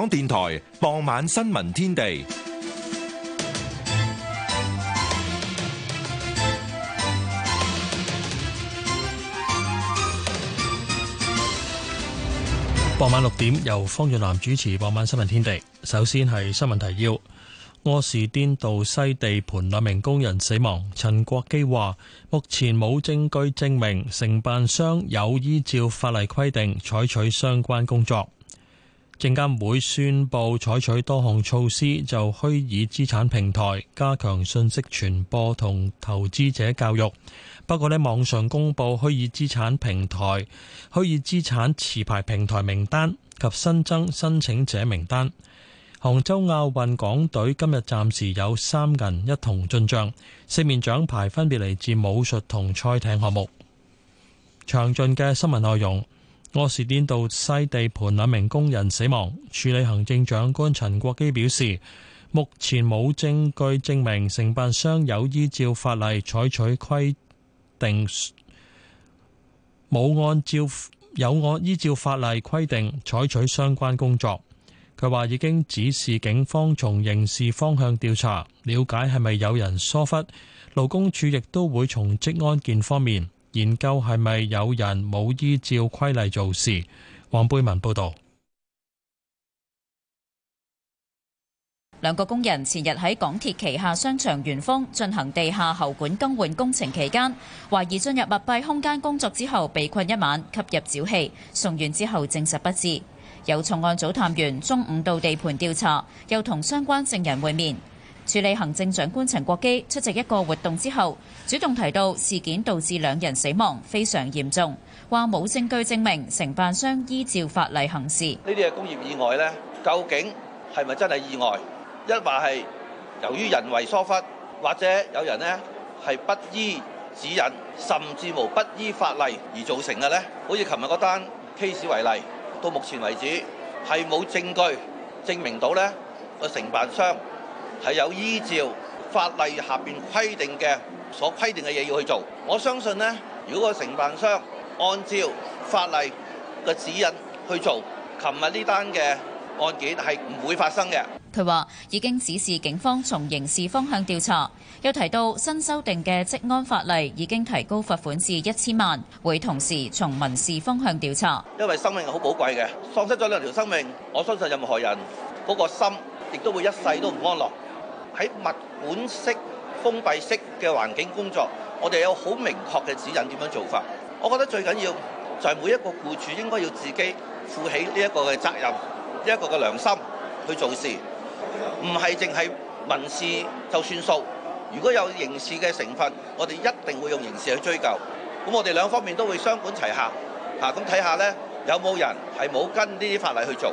港電台傍晚新聞天地。傍晚六點由方俊南主持傍晚新聞天地。首先係新聞提要：柯士甸道西地盤兩名工人死亡。陳國基話，目前冇證據證明承辦商有依照法例規定採取相關工作。證監會宣布採取多項措施，就虛擬資產平台加強信息傳播同投資者教育。不過呢，網上公布虛擬資產平台、虛擬資產持牌平台名單及新增申請者名單。杭州亞運港隊今日暫時有三人一同進賬，四面獎牌分別嚟自武術同賽艇項目。詳盡嘅新聞內容。柯士甸道西地盤兩名工人死亡，署理行政長官陳國基表示，目前冇證據證明承辦商有依照法例採取規定，冇按照有按依照法例規定採取相關工作。佢話已經指示警方從刑事方向調查，了解係咪有人疏忽。勞工處亦都會從職安健方面，研究係咪有人冇依照規例做事？黃貝文報道。兩個工人前日喺港鐵旗下商場圓方進行地下喉管更換工程期間，懷疑進入密閉空間工作之後被困一晚，吸入沼氣，送院之後證實不治。有重案組探員中午到地盤調查，又同相關證人會面。處理行政長官陳國基出席一個活動之後，主動提到事件導致兩人死亡，非常嚴重。話冇證據證明承辦商依照法例行事。呢啲嘅工業意外呢，究竟係咪真係意外，一話係由於人為疏忽，或者有人呢係不依指引，甚至乎不依法例而造成嘅呢。好似琴日嗰單 case 為例，到目前為止係冇證據證明到呢個承辦商係有依照法例下邊規定嘅，所規定嘅嘢要去做。我相信呢，如果個承辦商按照法例嘅指引去做，琴日呢單嘅案件係唔會發生嘅。佢話已經指示警方從刑事方向調查，又提到新修訂嘅職安法例已經提高罰款至一千萬，會同時從民事方向調查。因為生命係好寶貴嘅，喪失咗兩條生命，我相信任何人嗰個心亦都會一世都唔安樂。喺物管式、封閉式嘅環境工作，我哋有好明確嘅指引點樣做法。我覺得最緊要，就係每一個僱主應該要自己負起呢一個嘅責任，呢一個嘅良心去做事，唔係淨係民事就算數。如果有刑事嘅成分，我哋一定會用刑事去追究。咁我哋兩方面都會雙管齊下，嚇咁睇下呢，有冇人係冇跟呢啲法例去做？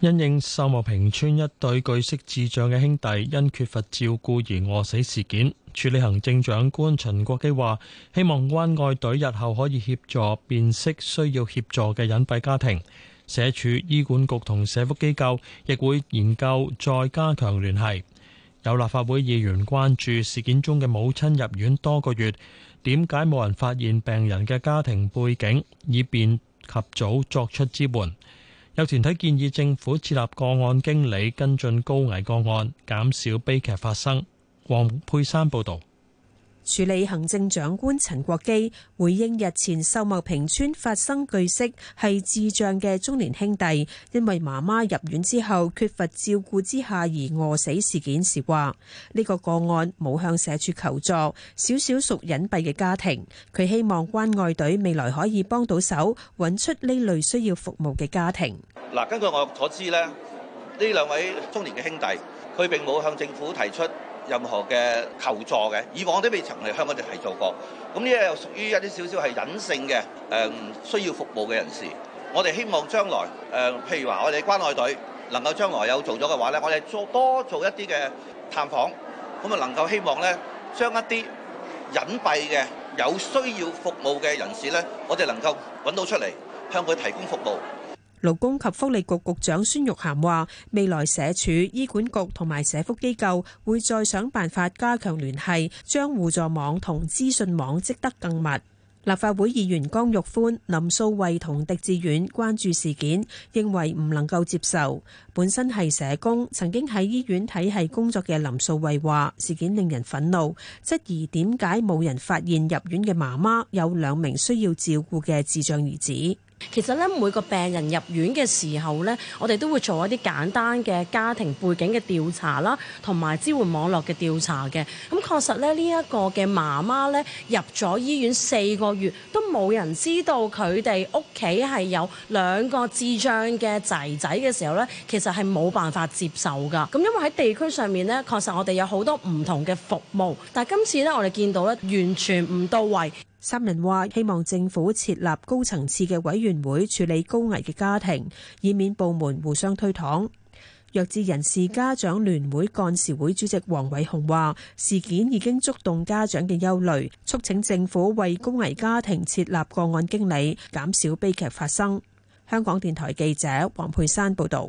因應秀茂坪村一對據悉智障嘅兄弟因缺乏照顧而餓死事件，處理行政長官陳國基話，希望關愛隊日後可以協助辨識需要協助嘅隱蔽家庭，社署、醫管局同社福機構亦會研究再加強聯繫。有立法會議員關注事件中嘅母親入院多個月，點解冇人發現病人嘅家庭背景，以便及早作出支援？有團體建議政府設立個案經理跟進高危個案，減少悲劇發生。黃佩山報道，處理行政長官陳國基回應日前秀茂坪村發生據悉係智障嘅中年兄弟，因為媽媽入院之後缺乏照顧之下而餓死事件時，話、這、呢個個案冇向社署求助，少少屬隱蔽嘅家庭。佢希望關愛隊未來可以幫到手，揾出呢類需要服務嘅家庭。嗱，根據我所知咧，呢兩位中年嘅兄弟，佢並冇向政府提出任何嘅求助嘅，以往都未曾嚟向我哋提做過。咁呢又屬於一啲少少係隱性嘅，誒需要服務嘅人士。我哋希望將來，誒譬如話我哋關愛隊能夠將來有做咗嘅話咧，我哋做多做一啲嘅探訪，咁啊能夠希望咧將一啲隱蔽嘅有需要服務嘅人士咧，我哋能夠揾到出嚟，向佢提供服務。勞工及福利局局長孫玉菡話：，未來社署、醫管局同埋社福機構會再想辦法加強聯繫，將互助網同資訊網織得更密。立法會議員江玉歡、林素慧同狄志遠關注事件，認為唔能夠接受。本身係社工，曾經喺醫院體系工作嘅林素慧話：，事件令人憤怒，質疑點解冇人發現入院嘅媽媽有兩名需要照顧嘅智障兒子。其實咧，每個病人入院嘅時候咧，我哋都會做一啲簡單嘅家庭背景嘅調查啦，同埋支援網絡嘅調查嘅。咁確實咧，呢一個嘅媽媽咧，入咗醫院四個月，都冇人知道佢哋屋企係有兩個智障嘅仔仔嘅時候咧，其實係冇辦法接受㗎。咁因為喺地區上面咧，確實我哋有好多唔同嘅服務，但係今次咧，我哋見到咧，完全唔到位。三人話：希望政府設立高層次嘅委員會處理高危嘅家庭，以免部門互相推搪。弱智人士家長聯會幹事會主席黃偉雄話：事件已經觸動家長嘅憂慮，促請政府為高危家庭設立個案經理，減少悲劇發生。香港電台記者黃佩珊報導。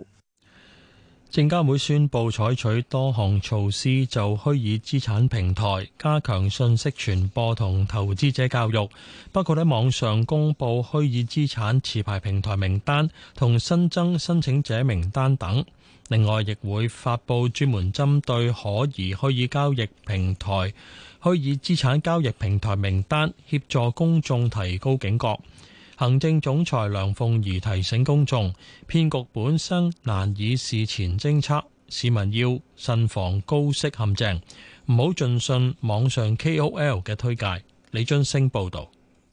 證監會宣布採取多項措施，就虛擬資產平台加強信息傳播同投資者教育，包括喺網上公布虛擬資產持牌平台名單同新增申請者名單等。另外，亦會發布專門針對可疑虛擬交易平台、虛擬資產交易平台名單，協助公眾提高警覺。行政總裁梁鳳儀提醒公眾，騙局本身難以事前偵測，市民要慎防高息陷阱，唔好盡信網上 KOL 嘅推介。李津升報道。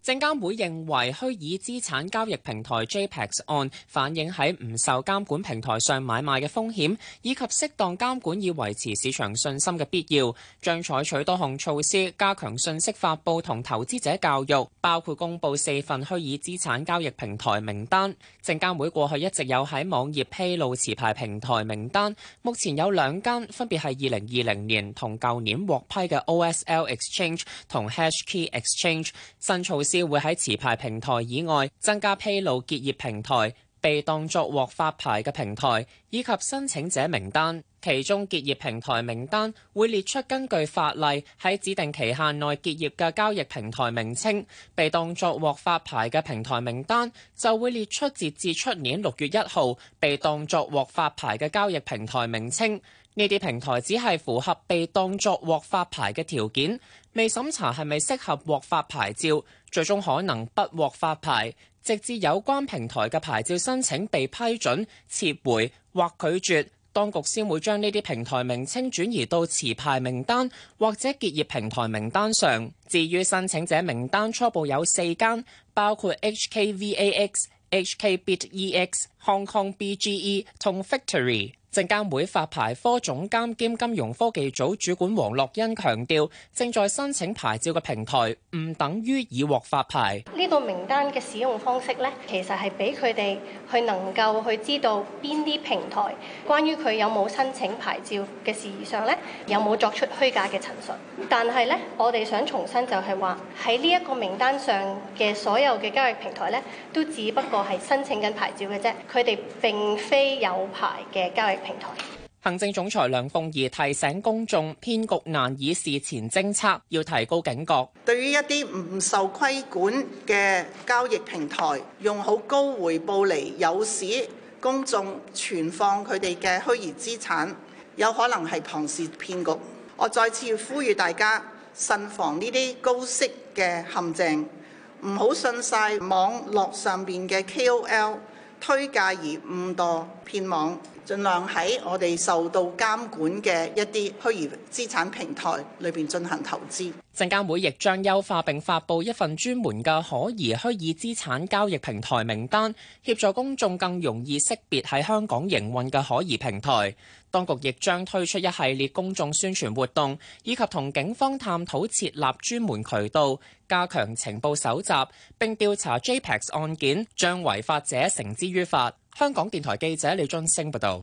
證監會認為虛擬資產交易平台 JPEX 案反映喺唔受監管平台上買賣嘅風險，以及適當監管以維持市場信心嘅必要，將採取多項措施加強信息發布同投資者教育，包括公佈四份虛擬資產交易平台名單。證監會過去一直有喺網頁披露持牌平台名單，目前有兩間分別係二零二零年同舊年獲批嘅 OSL Exchange 同 HashKey Exchange。新措施，會喺持牌平台以外增加披露結業平台、被當作獲發牌嘅平台以及申請者名單，其中結業平台名單會列出根據法例喺指定期限內結業嘅交易平台名稱，被當作獲發牌嘅平台名單就會列出截至出年六月一號被當作獲發牌嘅交易平台名稱。呢啲平台只係符合被當作獲發牌嘅條件，未審查係咪適合獲發牌照。最終可能不獲發牌，直至有關平台嘅牌照申請被批准、撤回或拒絕，當局先會將呢啲平台名稱轉移到持牌名單或者結業平台名單上。至於申請者名單，初步有四間，包括 HKVAX、HKBitEx、Hong Kong BGE 同 Victory。證監會發牌科總監兼金融科技組主管黃樂欣強調，正在申請牌照嘅平台唔等於已獲發牌。呢個名單嘅使用方式咧，其實係俾佢哋去能夠去知道邊啲平台關於佢有冇申請牌照嘅事宜上咧，有冇作出虛假嘅陳述。但係咧，我哋想重申就係話喺呢一個名單上嘅所有嘅交易平台咧，都只不過係申請緊牌照嘅啫，佢哋並非有牌嘅交易。行政總裁梁鳳儀提醒公眾，騙局難以事前偵測，要提高警覺。對於一啲唔受規管嘅交易平台，用好高回報嚟誘使公眾存放佢哋嘅虛擬資產，有可能係龐氏騙局。我再次呼籲大家慎防呢啲高息嘅陷阱，唔好信晒網絡上邊嘅 K O L 推介而誤墮騙網。盡量喺我哋受到監管嘅一啲虛擬資產平台裏邊進行投資。證監會亦將優化並發布一份專門嘅可疑虛擬資產交易平台名單，協助公眾更容易識別喺香港營運嘅可疑平台。當局亦將推出一系列公眾宣傳活動，以及同警方探討設立專門渠道，加強情報搜集，並調查 JPEX 案件，將違法者繩之於法。香港電台記者李俊升報道：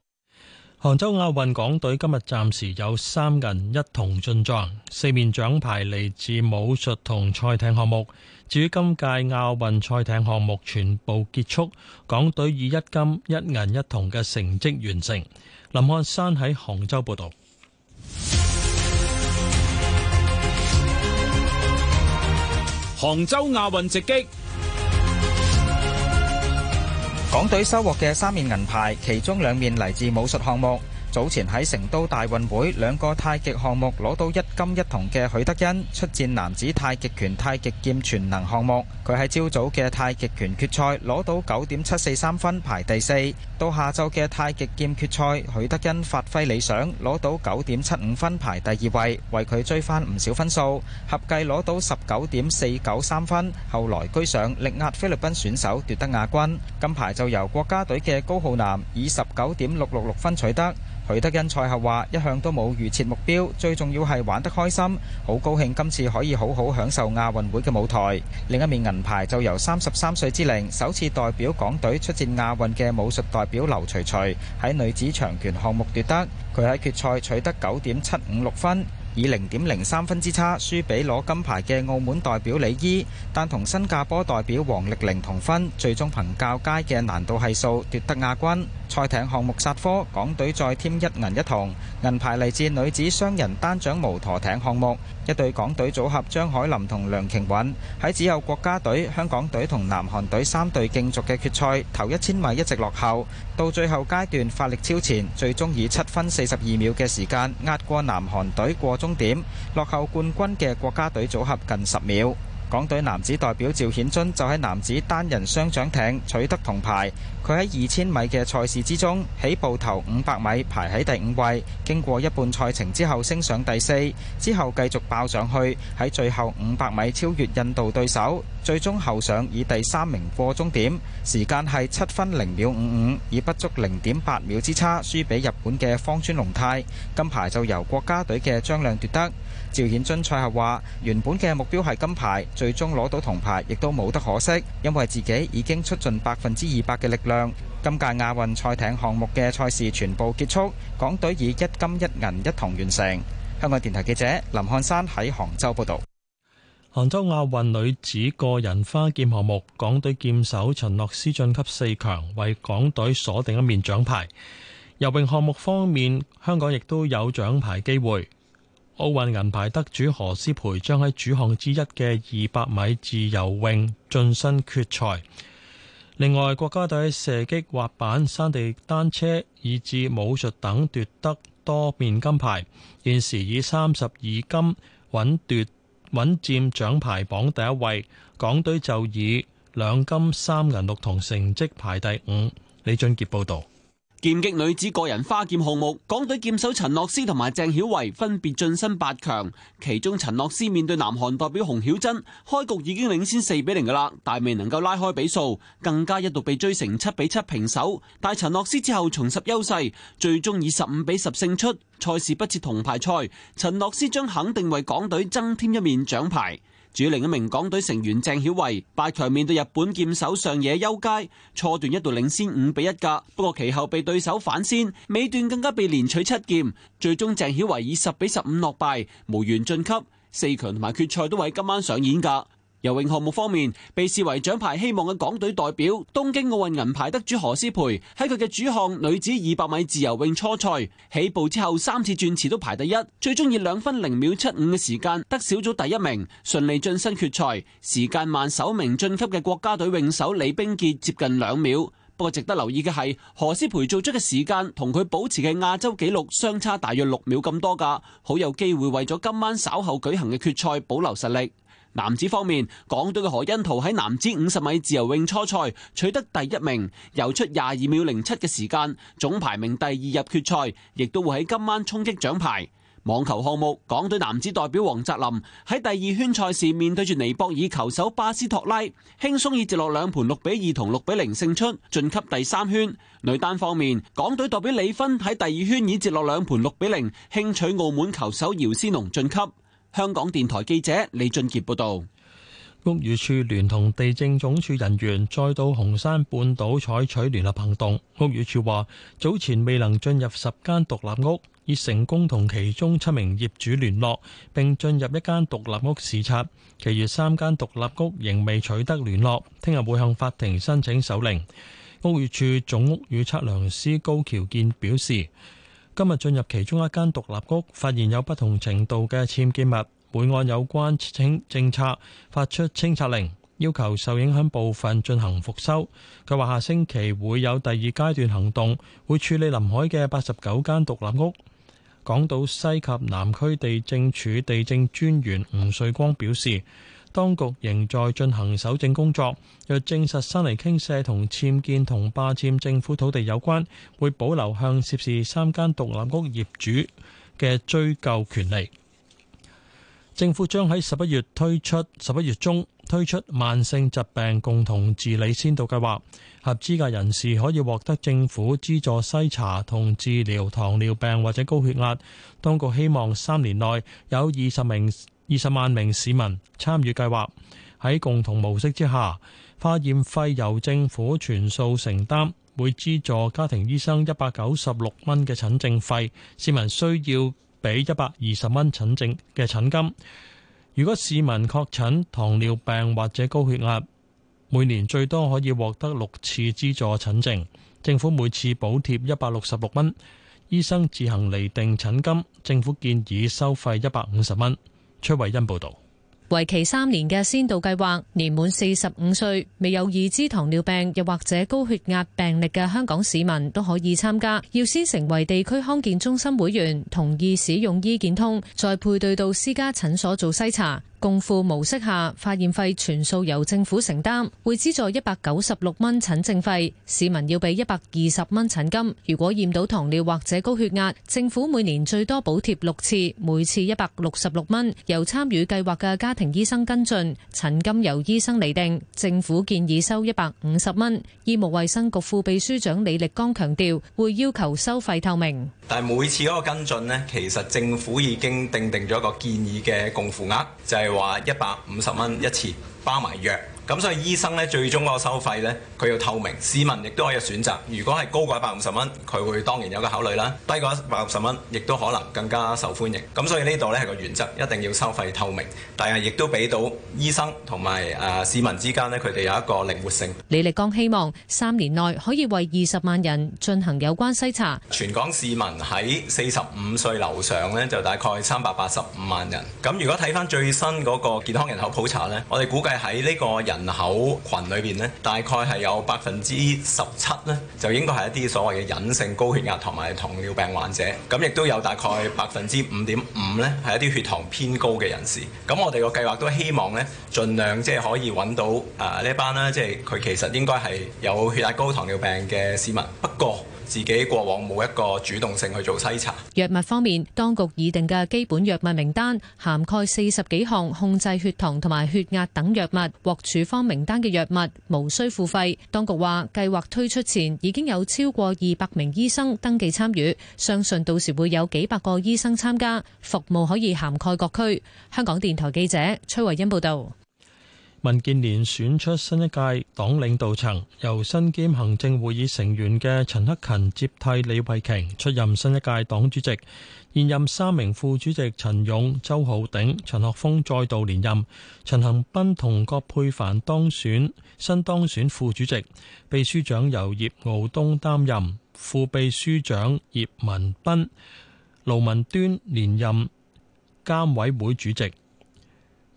杭州亞運港隊今日暫時有三銀一銅進賬，四面獎牌嚟自武術同賽艇項目。至於今屆亞運賽艇項目全部結束，港隊以一金一銀一銅嘅成績完成。林漢山喺杭州報道。杭州亞運直擊。港隊收穫嘅三面銀牌，其中兩面嚟自武術項目。早前喺成都大運會，兩個太極項目攞到一金一銅嘅許德恩出戰男子太極拳太極劍全能項目。佢喺朝早嘅太極拳決賽攞到九點七四三分排第四，到下晝嘅太極劍決賽，許德恩發揮理想，攞到九點七五分排第二位，為佢追翻唔少分數，合計攞到十九點四九三分，後來居上，力壓菲律賓選手奪得亞軍，金牌就由國家隊嘅高浩南以十九點六六六分取得。許德恩賽後話，一向都冇預設目標，最重要係玩得開心，好高興今次可以好好享受亞運會嘅舞台。另一面銀牌就由三十三歲之齡首次代表港隊出戰亞運嘅武術代表劉徐徐喺女子長拳項目奪得，佢喺決賽取得九點七五六分。以零點零三分之差輸俾攞金牌嘅澳門代表李伊，但同新加坡代表王力玲同分，最終憑較佳嘅難度係數奪得亞軍。賽艇項目煞科，港隊再添一銀一銅，銀牌嚟自女子雙人單槳無舵艇項目，一隊港隊組合張海林同梁瓊韻喺只有國家隊、香港隊同南韓隊三隊競逐嘅決賽，頭一千米一直落後，到最後階段發力超前，最終以七分四十二秒嘅時間壓過南韓隊過。終點落後冠軍嘅國家隊組合近十秒。港隊男子代表趙顯津就喺男子單人雙槳艇取得銅牌。佢喺二千米嘅賽事之中，起步頭五百米排喺第五位，經過一半賽程之後升上第四，之後繼續爆上去，喺最後五百米超越印度對手，最終後上以第三名過終點，時間係七分零秒五五，以不足零點八秒之差輸俾日本嘅芳村龍泰。金牌就由國家隊嘅張亮奪得。趙顯津賽後話：原本嘅目標係金牌，最終攞到銅牌亦都冇得可惜，因為自己已經出盡百分之二百嘅力量。今屆亞運賽艇項目嘅賽事全部結束，港隊以一金一銀一銅完成。香港電台記者林漢山喺杭州報道。杭州亞運女子個人花劍項目，港隊劍手陳諾思晉級四強，為港隊鎖定一面獎牌。游泳項目方面，香港亦都有獎牌機會。奧運銀牌得主何詩蓓將喺主項之一嘅二百米自由泳晉身決賽。另外，國家隊射擊、滑板、山地單車以至武術等奪得多面金牌，現時以三十二金穩奪穩佔獎牌榜第一位。港隊就以兩金三銀六銅成績排第五。李俊傑報道。劍擊女子個人花劍項目，港隊劍手陳樂思同埋鄭曉維分別晉身八強。其中陳樂思面對南韓代表洪曉珍，開局已經領先四比零㗎喇，但未能夠拉開比數，更加一度被追成七比七平手。但陳樂思之後重拾優勢，最終以十五比十勝出。賽事不設銅牌賽，陳樂思將肯定為港隊增添一面獎牌。主另一名港隊成員鄭曉維八強面對日本劍手上野優佳，初段一度領先五比一噶，不過其後被對手反先，尾段更加被連取七劍，最終鄭曉維以十比十五落敗，無緣晉級四強同埋決賽，都喺今晚上演噶。游泳項目方面，被視為獎牌希望嘅港隊代表，東京奧運銀牌得主何詩蓓喺佢嘅主項女子二百米自由泳初賽起步之後三次轉池都排第一，最終以兩分零秒七五嘅時間得小組第一名，順利晉身決賽。時間慢首名晉級嘅國家隊泳手李冰潔接近兩秒，不過值得留意嘅係何詩蓓做出嘅時間同佢保持嘅亞洲紀錄相差大約六秒咁多噶，好有機會為咗今晚稍後舉行嘅決賽保留實力。男子方面，港隊嘅何恩圖喺男子五十米自由泳初賽取得第一名，游出廿二秒零七嘅時間，總排名第二入決賽，亦都會喺今晚衝擊獎牌。網球項目，港隊男子代表王澤林喺第二圈賽事面對住尼泊爾球手巴斯托拉，輕鬆以接落兩盤六比二同六比零勝出，晉級第三圈。女單方面，港隊代表李芬喺第二圈以接落兩盤六比零，輕取澳門球手姚思濃晉級。香港電台記者李俊傑報道，屋宇署聯同地政總署人員再到紅山半島採取聯合行動。屋宇署話，早前未能進入十間獨立屋，已成功同其中七名業主聯絡，並進入一間獨立屋視察。其餘三間獨立屋仍未取得聯絡，聽日會向法庭申請手令。屋宇署總屋宇測量師高橋健表示。今日進入其中一間獨立屋，發現有不同程度嘅僭建物，會按有關政策發出清拆令，要求受影響部分進行復修。佢話下星期會有第二階段行動，會處理臨海嘅八十九間獨立屋。港島西及南區地政處地政專員吳瑞光表示。當局仍在進行搜證工作，若證實山泥傾瀉同僭建同霸佔政府土地有關，會保留向涉事三間獨立屋業主嘅追究權利。政府將喺十一月推出十一月中推出慢性疾病共同治理先導計劃，合資格人士可以獲得政府資助篩查同治療糖尿病或者高血壓。當局希望三年內有二十名二十萬名市民參與計劃，喺共同模式之下，化驗費由政府全數承擔，每資助家庭醫生一百九十六蚊嘅診症費。市民需要俾一百二十蚊診症嘅診金。如果市民確診糖尿病或者高血壓，每年最多可以獲得六次資助診症，政府每次補貼一百六十六蚊。醫生自行釐定診金，政府建議收費一百五十蚊。崔偉恩報道，為期三年嘅先導計劃，年滿四十五歲未有二型糖尿病又或者高血壓病歷嘅香港市民都可以參加。要先成為地區康健中心會員，同意使用醫健通，再配對到私家診所做篩查。共付模式下，化驗費全數由政府承擔，會資助一百九十六蚊診證費，市民要俾一百二十蚊診金。如果驗到糖尿或者高血壓，政府每年最多補貼六次，每次一百六十六蚊，由參與計劃嘅家庭醫生跟進，診金由醫生嚟定，政府建議收一百五十蚊。醫務衛生局副秘書長李力剛強調，會要求收費透明。但係每次嗰個跟進呢，其實政府已經訂定咗一個建議嘅共付額，就係。係話，一百五十蚊一次，包埋藥。咁所以醫生咧最終嗰個收費咧，佢要透明，市民亦都可以選擇。如果係高過一百五十蚊，佢會當然有個考慮啦；低過一百五十蚊，亦都可能更加受歡迎。咁所以呢度咧係個原則，一定要收費透明，但係亦都俾到醫生同埋誒市民之間咧，佢哋有一個靈活性。李力剛希望三年內可以為二十萬人進行有關篩查。全港市民喺四十五歲樓上咧，就大概三百八十五萬人。咁如果睇翻最新嗰個健康人口普查咧，我哋估計喺呢個人人口群裏邊咧，大概係有百分之十七呢，就應該係一啲所謂嘅隱性高血壓同埋糖尿病患者。咁亦都有大概百分之五點五呢，係一啲血糖偏高嘅人士。咁我哋個計劃都希望呢盡量即係可以揾到啊呢、呃、一班啦，即係佢其實應該係有血壓高、糖尿病嘅市民。不過自己過往冇一個主動性去做篩查。藥物方面，當局擬定嘅基本藥物名單涵蓋四十幾項控制血糖同埋血壓等藥物，獲處方名單嘅藥物無需付費。當局話計劃推出前已經有超過二百名醫生登記參與，相信到時會有幾百個醫生參加服務，可以涵蓋各區。香港電台記者崔慧欣報道。民建聯選出新一屆黨領導層，由身兼行政會議成員嘅陳克勤接替李慧瓊出任新一屆黨主席，現任三名副主席陳勇、周浩鼎、陳學鋒再度連任，陳恒鑌同郭佩凡當選新當選副主席，秘書長由葉傲東擔任，副秘書長葉文斌、盧文端連任監委會主席。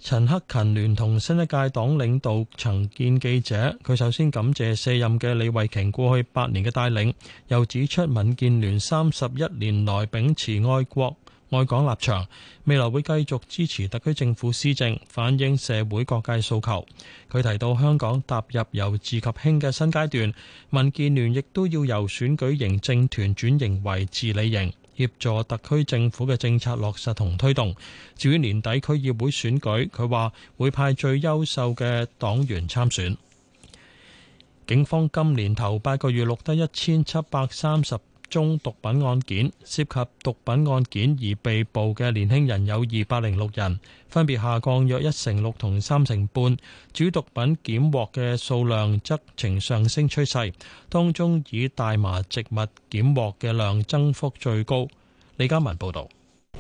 陳克勤聯同新一屆黨領導層見記者，佢首先感謝卸任嘅李慧瓊過去八年嘅帶領，又指出民建聯三十一年來秉持愛國愛港立場，未來會繼續支持特區政府施政，反映社會各界訴求。佢提到香港踏入由治及興嘅新階段，民建聯亦都要由選舉型政團轉型為治理型。協助特區政府嘅政策落實同推動。至於年底區議會選舉，佢話會派最優秀嘅黨員參選。警方今年頭八個月錄得一千七百三十。中毒品案件涉及毒品案件而被捕嘅年輕人有二百零六人，分別下降約一成六同三成半。主毒品檢獲嘅數量則呈上升趨勢，當中以大麻植物檢獲嘅量增幅最高。李嘉文報導，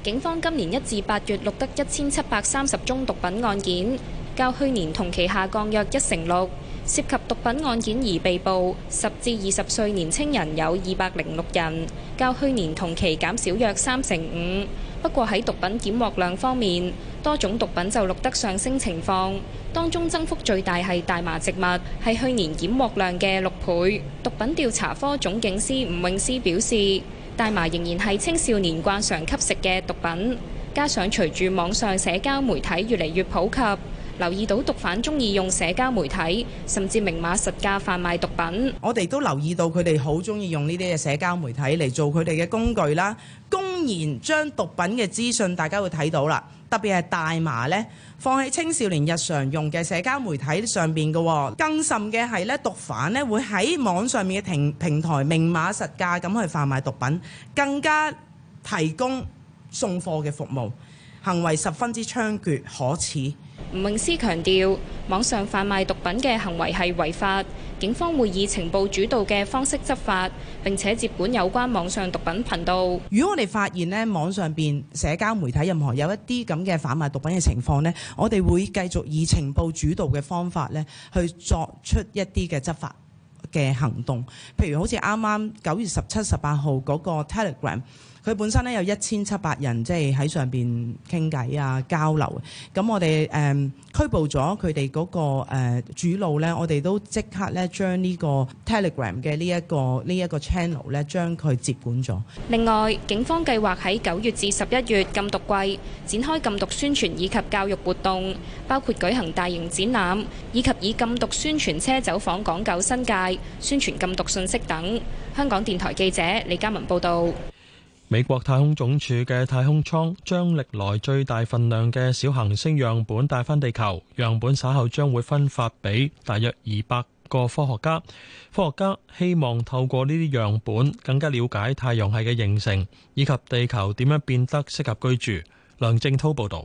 警方今年一至八月錄得一千七百三十宗毒品案件，較去年同期下降約一成六。涉及毒品案件而被捕，十至二十歲年青人有二百零六人，較去年同期減少約三成五。不過喺毒品檢獲量方面，多種毒品就錄得上升情況，當中增幅最大係大麻植物，係去年檢獲量嘅六倍。毒品調查科總警司吳永斯表示，大麻仍然係青少年慣常吸食嘅毒品，加上隨住網上社交媒體越嚟越普及。留意到毒販中意用社交媒體，甚至明碼實價販賣毒品。我哋都留意到佢哋好中意用呢啲嘅社交媒體嚟做佢哋嘅工具啦，公然將毒品嘅資訊，大家會睇到啦。特別係大麻呢，放喺青少年日常用嘅社交媒體上邊嘅，更甚嘅係呢毒販呢會喺網上面嘅平平台明碼實價咁去販賣毒品，更加提供送貨嘅服務，行為十分之猖獗可恥。吳榮思強調，網上販賣毒品嘅行為係違法，警方會以情報主導嘅方式執法，並且接管有關網上毒品頻道。如果我哋發現呢網上邊社交媒體任何有一啲咁嘅販賣毒品嘅情況呢，我哋會繼續以情報主導嘅方法呢去作出一啲嘅執法嘅行動。譬如好似啱啱九月十七、十八號嗰個 Telegram。佢本身呢有一千七百人，即係喺上邊傾偈啊、交流。咁我哋誒、呃、拘捕咗佢哋嗰個誒、呃、主路咧，我哋都即刻咧、這個這個、將呢個 Telegram 嘅呢一個呢一個 channel 咧將佢接管咗。另外，警方計劃喺九月至十一月禁毒季，展開禁毒宣傳以及教育活動，包括舉行大型展覽以及以禁毒宣傳車走訪港九新界，宣傳禁毒信息等。香港電台記者李嘉文報道。美國太空總署嘅太空艙將歷來最大份量嘅小行星樣本帶返地球，樣本稍後將會分發俾大約二百個科學家。科學家希望透過呢啲樣本，更加了解太陽系嘅形成以及地球點樣變得適合居住。梁正濤報道。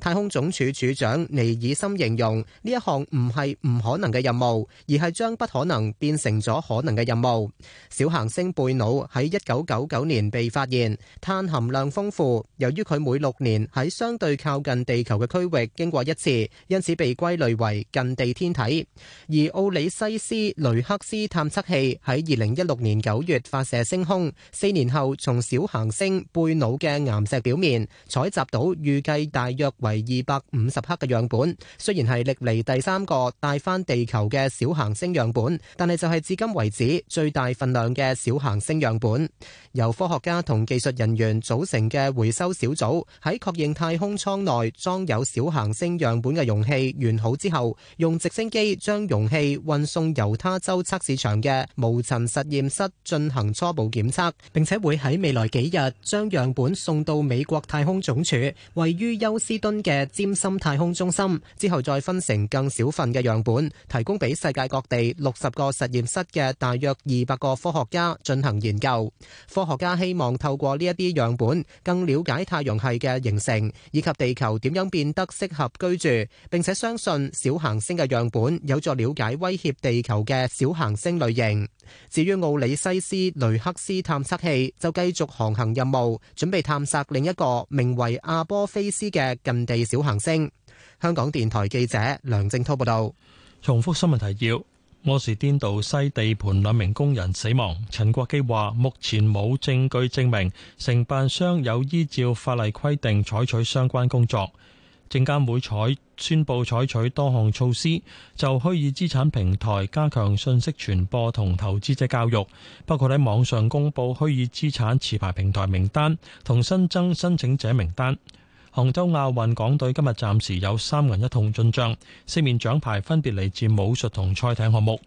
太空總署署長尼爾森形容呢一項唔係唔可能嘅任務，而係將不可能變成咗可能嘅任務。小行星貝努喺一九九九年被發現，碳含量豐富，由於佢每六年喺相對靠近地球嘅區域經過一次，因此被歸類為近地天體。而奧里西斯雷克斯探測器喺二零一六年九月發射升空，四年後從小行星貝努嘅岩石表面採集到預計大約為二百五十克嘅樣本，雖然係歷嚟第三個帶翻地球嘅小行星樣本，但係就係至今為止最大份量嘅小行星樣本。由科學家同技術人員組成嘅回收小組喺確認太空艙內裝有小行星樣本嘅容器完好之後，用直升機將容器運送由他州測試場嘅無塵實驗室進行初步檢測，並且會喺未來幾日將樣本送到美國太空總署位於休斯敦嘅詹森太空中心之後，再分成更小份嘅樣本，提供俾世界各地六十個實驗室嘅大約二百個科學家進行研究。科學家希望透過呢一啲樣本，更了解太陽系嘅形成以及地球點樣變得適合居住，並且相信小行星嘅樣本有助了解威脅地球嘅小行星類型。至於奧里西斯雷克斯探測器就繼續航行任務，準備探索另一個名為阿波菲斯嘅近地小行星。香港電台記者梁正濤報道。重複新聞提要：柯士甸道西地盤兩名工人死亡。陳國基話，目前冇證據證明承辦商有依照法例規定採取相關工作。證監會採宣布採取多項措施，就虛擬資產平台加強信息傳播同投資者教育，包括喺網上公布虛擬資產持牌平台名單同新增申請者名單。杭州亞運港隊今日暫時有三銀一銅進賬，四面獎牌分別嚟自武術同賽艇項目。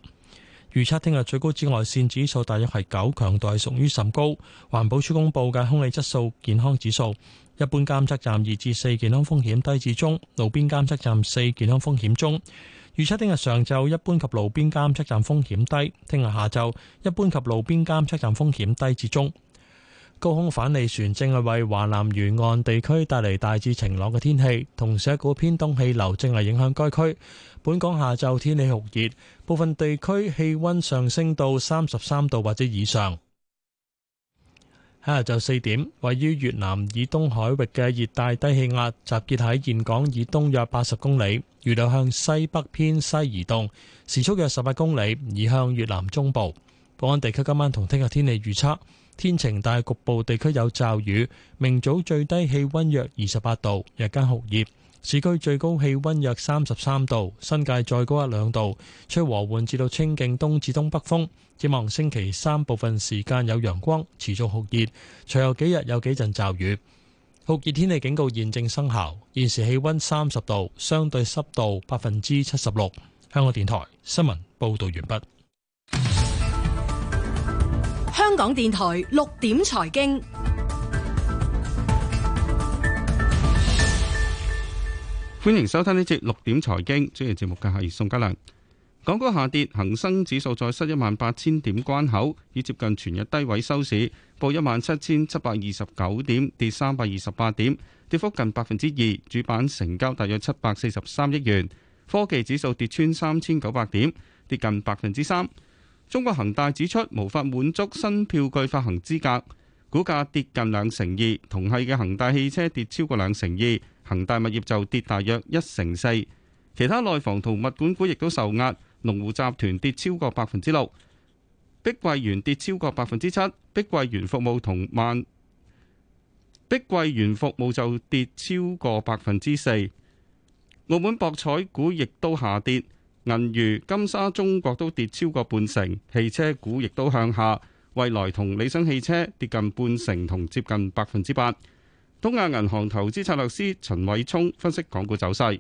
預測聽日最高紫外線指數大約係九，強度屬於甚高。環保署公布嘅空氣質素健康指數，一般監測站二至四健康風險低至中，路邊監測站四健康風險中。預測聽日上晝一般及路邊監測站風險低，聽日下晝一般及路邊監測站風險低至中。高空反氣旋正係為華南沿岸地區帶嚟大致晴朗嘅天氣，同時一股偏東氣流正係影響該區。本港下晝天氣酷熱，部分地區氣溫上升到三十三度或者以上。下晝四點，位於越南以東海域嘅熱帶低氣壓集結喺峴港以東約八十公里，預料向西北偏西移動，時速約十八公里，移向越南中部。保安地區今晚同聽日天氣預測，天晴但局部地區有驟雨。明早最低氣溫約二十八度，日間酷熱。市區最高氣温約三十三度，新界再高一兩度，吹和緩至到清勁東至東北風。展望星期三部分時間有陽光，持續酷熱，隨後幾日有幾陣驟雨。酷熱天氣警告現正生效，現時氣温三十度，相對濕度百分之七十六。香港電台新聞報道完畢。香港電台六點財經。歡迎收聽呢節六點財經，主持人節目嘅係宋嘉良。港股下跌，恒生指數再失一萬八千點關口，已接近全日低位收市，報一萬七千七百二十九點，跌三百二十八點，跌幅近百分之二。主板成交大約七百四十三億元。科技指數跌穿三千九百點，跌近百分之三。中國恒大指出無法滿足新票據發行資格，股價跌近兩成二。同系嘅恒大汽車跌超過兩成二。恒大物業就跌大約一成四，其他內房同物管股亦都受壓，龍湖集團跌超過百分之六，碧桂園跌超過百分之七，碧桂園服務同萬碧桂園服務就跌超過百分之四。澳門博彩股亦都下跌，銀娛、金沙中國都跌超過半成，汽車股亦都向下，蔚來同理想汽車跌近半成同接近百分之八。東亞銀行投資策略師陳偉聰分析港股走勢。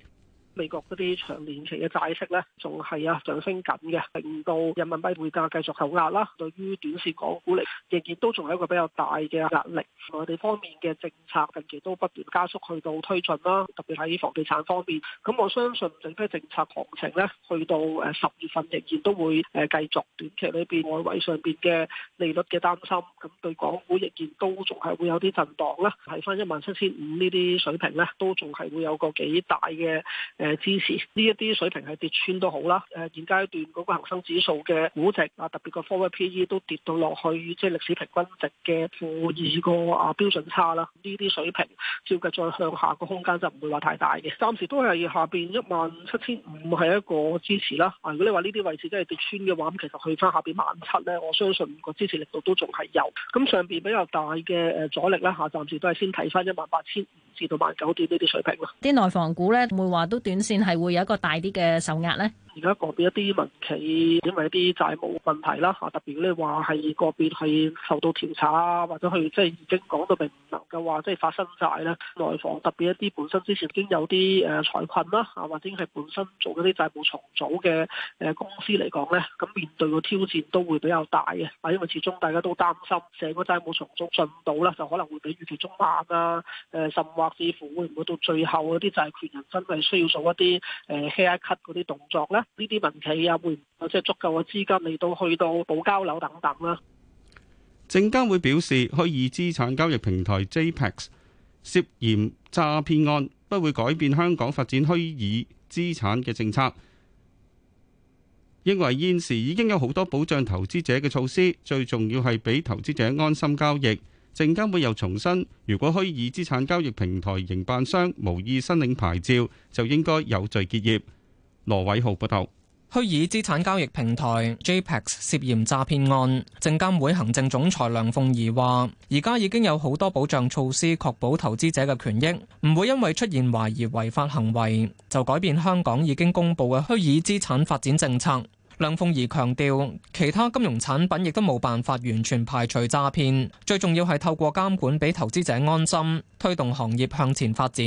美國嗰啲長年期嘅債息咧，仲係啊上升緊嘅，令到人民幣匯價繼續受壓啦。對於短線港股嚟，仍然都仲有一個比較大嘅壓力。內地方面嘅政策近期都不斷加速去到推進啦，特別喺房地產方面。咁我相信整批政策行情咧，去到誒十月份仍然都會誒繼續短期裏邊外圍上邊嘅利率嘅擔心，咁對港股仍然都仲係會有啲震盪啦。睇翻一萬七千五呢啲水平咧，都仲係會有個幾大嘅。誒、呃、支持呢一啲水平係跌穿都好啦。誒、呃、現階段嗰個恆生指數嘅估值啊，特別個 forward P E 都跌到落去，即、就、係、是、歷史平均值嘅負二個啊標準差啦。呢、啊、啲水平照計再向下個空間就唔會話太大嘅。暫時都係下邊一萬七千五係一個支持啦、啊。如果你話呢啲位置真係跌穿嘅話，咁其實去翻下邊萬七咧，我相信個支持力度都仲係有。咁上邊比較大嘅誒阻力咧，下、啊、暫時都係先睇翻一萬八千。跌到萬九點呢啲水平咯，啲內房股咧會唔會話都短線係會有一個大啲嘅受壓咧？而家個別一啲民企因為一啲債務問題啦，啊特別咧話係個別係受到調查啊，或者係即係已經講到並唔能夠話即係發生債咧。內房特別一啲本身之前已經有啲誒財困啦，啊或者係本身做嗰啲債務重組嘅誒公司嚟講咧，咁面對個挑戰都會比較大嘅，啊因為始終大家都擔心成個債務重組進度啦，就可能會比預期中慢啦，誒甚或，似乎會唔會到最後嗰啲債權人真係需要做一啲誒 haircut 嗰啲動作咧？呢啲民企啊，會唔會有即係足夠嘅資金嚟到去到補交樓等等咧？證監會表示，虛擬資產交易平台 JPEX 涉嫌詐騙案，不會改變香港發展虛擬資產嘅政策。認為現時已經有好多保障投資者嘅措施，最重要係俾投資者安心交易。證監會又重申，如果虛擬資產交易平台營辦商無意申領牌照，就應該有序結業。羅偉浩報道。虛擬資產交易平台 JPEX 涉嫌詐騙案，證監會行政總裁梁鳳儀話，而家已經有好多保障措施，確保投資者嘅權益，唔會因為出現懷疑違法行為就改變香港已經公布嘅虛擬資產發展政策。梁鳳儀強調，其他金融產品亦都冇辦法完全排除詐騙，最重要係透過監管俾投資者安心，推動行業向前發展。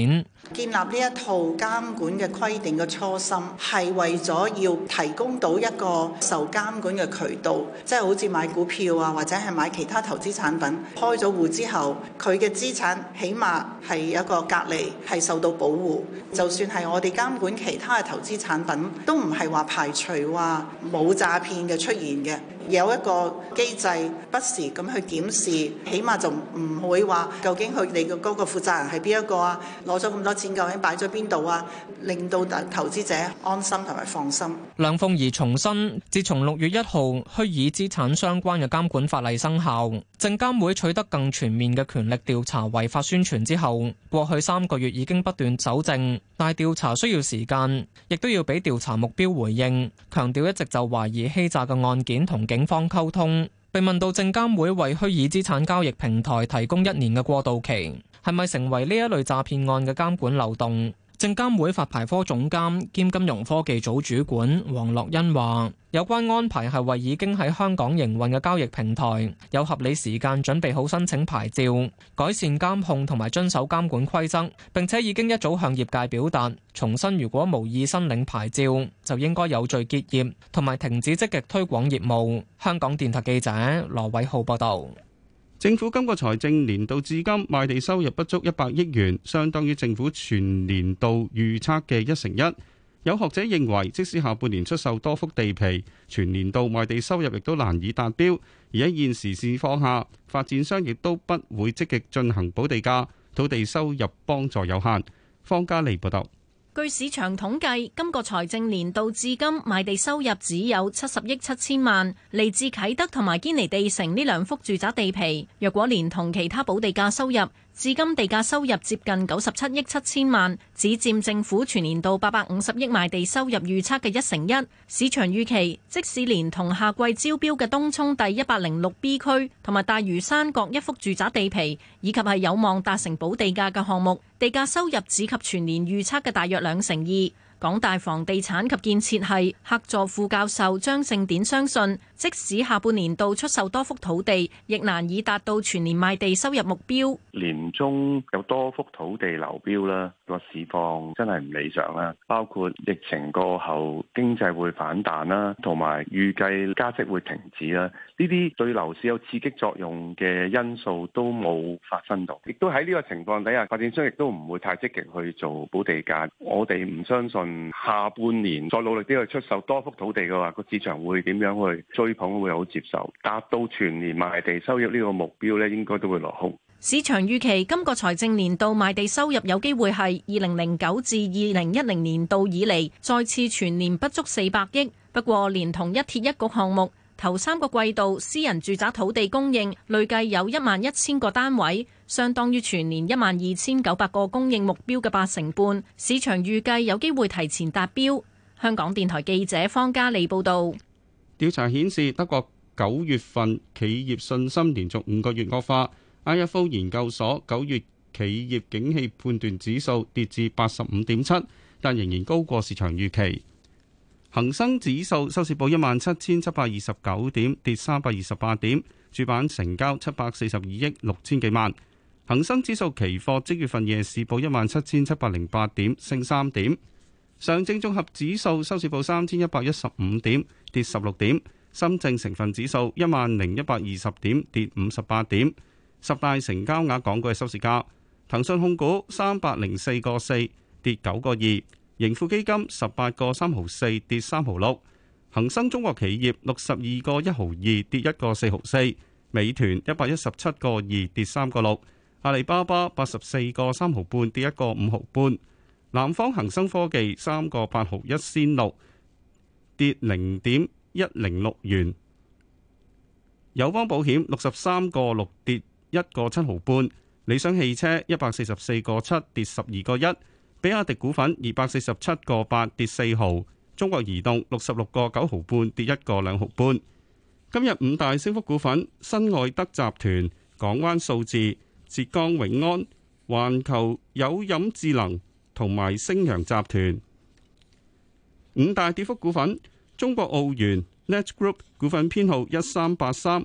建立呢一套監管嘅規定嘅初心，係為咗要提供到一個受監管嘅渠道，即係好似買股票啊，或者係買其他投資產品，開咗戶之後，佢嘅資產起碼係有一個隔離，係受到保護。就算係我哋監管其他嘅投資產品，都唔係話排除話啊。冇詐騙嘅出現嘅。有一個機制不時咁去檢視，起碼就唔會話究竟佢哋嘅嗰個負責人係邊一個啊？攞咗咁多錢究竟擺咗邊度啊？令到投資者安心同埋放心。梁鳳儀重申，自從六月一號虛擬資產相關嘅監管法例生效，證監會取得更全面嘅權力調查違法宣傳之後，過去三個月已經不斷糾正。但係調查需要時間，亦都要俾調查目標回應，強調一直就懷疑欺詐嘅案件同。警方溝通，被問到證監會為虛擬資產交易平台提供一年嘅過渡期，係咪成為呢一類詐騙案嘅監管漏洞？證監會發牌科總監兼金融科技組主管黃樂欣話，有關安排係為已經喺香港營運嘅交易平台有合理時間準備好申請牌照，改善監控同埋遵守監管規則，並且已經一早向業界表達，重新如果無意申領牌照就應該有序結業同埋停止積極極推廣業務。香港電台記者羅偉浩報道。政府今個財政年度至今賣地收入不足一百億元，相當於政府全年度預測嘅一成一。有學者認為，即使下半年出售多幅地皮，全年度賣地收入亦都難以達標。而喺現時市況下，發展商亦都不會積極進行補地價，土地收入幫助有限。方家利報道。據市場統計，今個財政年度至今賣地收入只有七十億七千萬，嚟自啟德同埋堅尼地城呢兩幅住宅地皮，若果連同其他補地價收入，至今地價收入接近九十七億七千萬，只佔政府全年度八百五十億賣地收入預測嘅一成一。市場預期，即使連同夏季招標嘅東涌第一百零六 B 區同埋大嶼山各一幅住宅地皮，以及係有望達成補地價嘅項目，地價收入只及全年預測嘅大約兩成二。港大房地產及建設系客座副教授張盛典相信，即使下半年度出售多幅土地，亦難以達到全年賣地收入目標。年中有多幅土地流標啦，個市況真係唔理想啦。包括疫情過後經濟會反彈啦，同埋預計加息會停止啦，呢啲對樓市有刺激作用嘅因素都冇發生到，亦都喺呢個情況底下，發展商亦都唔會太積極去做補地價。我哋唔相信下半年再努力啲去出售多幅土地嘅話，個市場會點樣去追？港會好接受，達到全年賣地收入呢個目標咧，應該都會落空。市場預期今個財政年度賣地收入有機會係二零零九至二零一零年度以嚟再次全年不足四百億，不過連同一鐵一局項目頭三個季度私人住宅土地供應累計有一萬一千個單位，相當於全年一萬二千九百個供應目標嘅八成半。市場預計有機會提前達標，香港電台記者方嘉莉報道。調查顯示，德國九月份企業信心連續五個月惡化。IFO 研究所九月企業景氣判斷指數跌至八十五點七，但仍然高過市場預期。恒生指數收市報一萬七千七百二十九點，跌三百二十八點，主板成交七百四十二億六千幾萬。恒生指數期貨即月份夜市報一萬七千七百零八點，升三點。上證綜合指數收市報三千一百一十五點，跌十六點；深證成分指數一萬零一百二十點，跌五十八點。十大成交額港股嘅收市價：騰訊控股三百零四個四，跌九個二；盈富基金十八個三毫四，跌三毫六；恒生中國企業六十二個一毫二，跌一個四毫四；美團一百一十七個二，跌三個六；阿里巴巴八十四個三毫半，跌一個五毫半。南方恒生科技三個八毫一仙六，跌零點一零六元。友邦保險六十三個六，跌一個七毫半。理想汽車一百四十四個七，跌十二個一。比亞迪股份二百四十七個八，跌四毫。中國移動六十六個九毫半，跌一個兩毫半。今日五大升幅股份：新愛德集團、港灣數字、浙江永安、環球有飲智能。同埋星陽集團五大跌幅股份：中國澳元 Net Group 股份編號一三八三，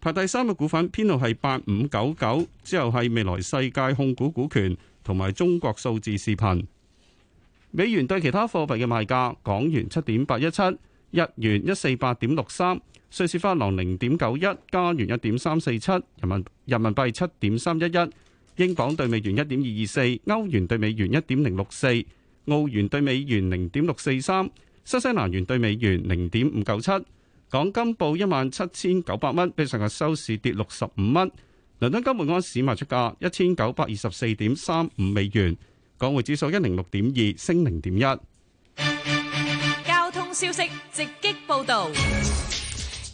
排第三個股份編號係八五九九，之後係未來世界控股股權同埋中國數字視頻。美元對其他貨幣嘅賣價：港元七點八一七，日元一四八點六三，瑞士法郎零點九一，加元一點三四七，人民人民幣七點三一一。英鎊兌美元一點二二四，歐元兌美元一點零六四，澳元兌美元零點六四三，新西蘭元兌美元零點五九七。港金報一萬七千九百蚊，比上日收市跌六十五蚊。倫敦金每安士賣出價一千九百二十四點三五美元。港匯指數一零六點二，升零點一。交通消息直擊報道。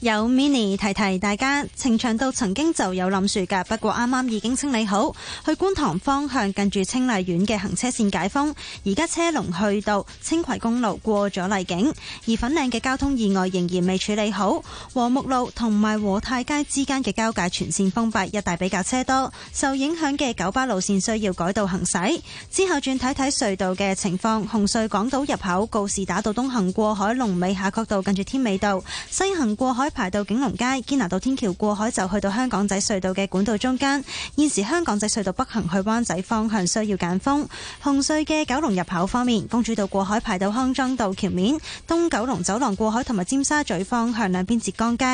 有 mini 提提大家，呈祥道曾經就有冧樹，㗎，不過啱啱已經清理好。去觀塘方向近住清麗苑嘅行車線解封，而家車龍去到青葵公路過咗麗景，而粉嶺嘅交通意外仍然未處理好。和睦路同埋和泰街之間嘅交界全線封閉，一帶比較車多，受影響嘅九巴路線需要改道行駛。之後轉睇睇隧道嘅情況，紅隧港島入口告士打道東行過海龍尾下角道近住天尾道，西行過海。排到景隆街，堅拿道天橋過海就去到香港仔隧道嘅管道中間。現時香港仔隧道北行去灣仔方向需要減風。紅隧嘅九龍入口方面，公主道過海排到康莊道橋面；東九龍走廊過海同埋尖沙咀方向兩邊浙江街。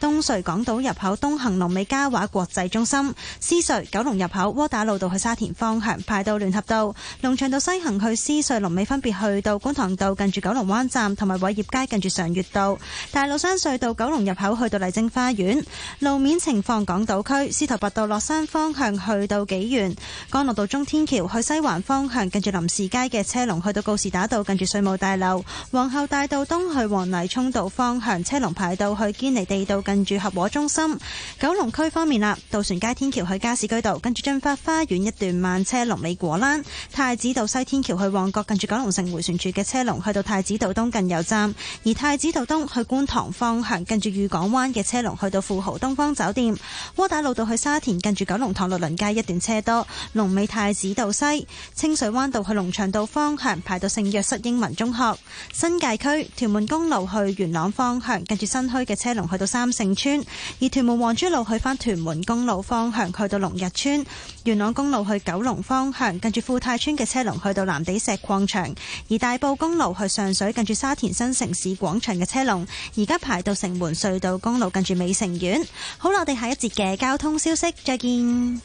東隧港島入口東行龍尾嘉華國際中心。獅隧九龍入口窩打老道去沙田方向排到聯合道。龍翔道西行去獅隧龍尾分別去到觀塘道近住九龍灣站，同埋偉業街近住常悅道。大老山隧道九龍入口去到麗晶花園，路面情況，港島區司徒拔道落山方向去到紀元、干諾道中天橋去西環方向，近住臨時街嘅車龍去到告士打道，近住稅務大樓；皇后大道東去黃泥涌道方向車龍排到去堅尼地道，近住合和中心。九龍區方面啦，渡船街天橋去加士居道，跟住駿發花園一段慢車龍尾果欄；太子道西天橋去旺角，近住九龍城回旋處嘅車龍去到太子道東近油站，而太子道東去觀塘方向，近住。御港灣嘅車龍去到富豪東方酒店，窩打老道去沙田，跟住九龍塘六鄰街一段車多，龍尾太子道西，清水灣道去龍翔道方向排到聖若瑟英文中學，新界區屯門公路去元朗方向，跟住新墟嘅車龍去到三聖村，而屯門黃珠路去翻屯門公路方向去到龍日村，元朗公路去九龍方向，跟住富泰村嘅車龍去到藍地石礦場，而大埔公路去上水，跟住沙田新城市廣場嘅車龍，而家排到城門。隧道公路近住美城苑，好啦，我哋下一節嘅交通消息，再見。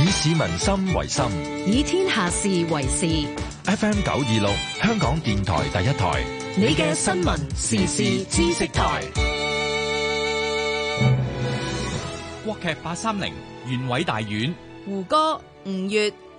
以市民心為心，以天下事為事。FM 九二六，香港電台第一台，你嘅新聞時事知識台。國劇八三零，縣委大院，胡歌，吳越。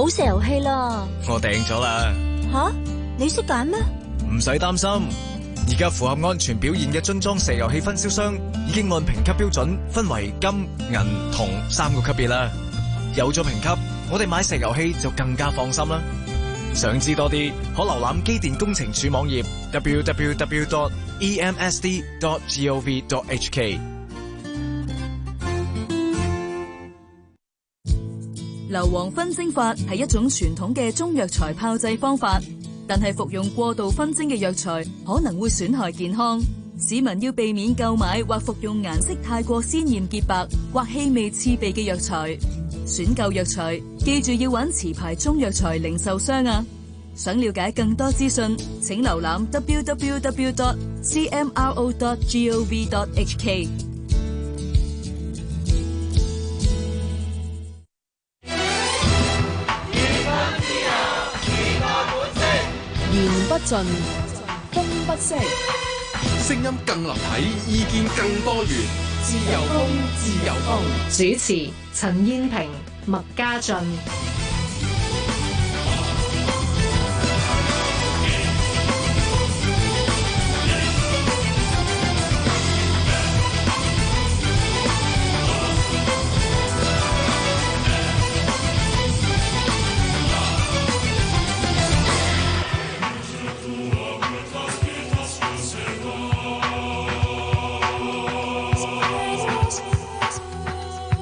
冇石油氣啦，我訂咗啦。吓、啊，你識揀咩？唔使擔心，而家符合安全表現嘅樽裝石油氣分銷商已經按評級標準分為金、銀、銅三個級別啦。有咗評級，我哋買石油氣就更加放心啦。想知多啲，可瀏覽機電工程署網頁 www.emsd.gov.hk。硫磺燻蒸法係一種傳統嘅中藥材炮製方法，但係服用過度燻蒸嘅藥材可能會損害健康。市民要避免購買或服用顏色太過鮮艷、潔白或氣味刺鼻嘅藥材。選購藥材，記住要揾持牌中藥材零售商啊！想了解更多資訊，請瀏覽 www dot cmro dot gov dot hk。盡風不息，聲音更立體，意見更多元，自由風，自由風。主持：陳燕萍、麥家俊。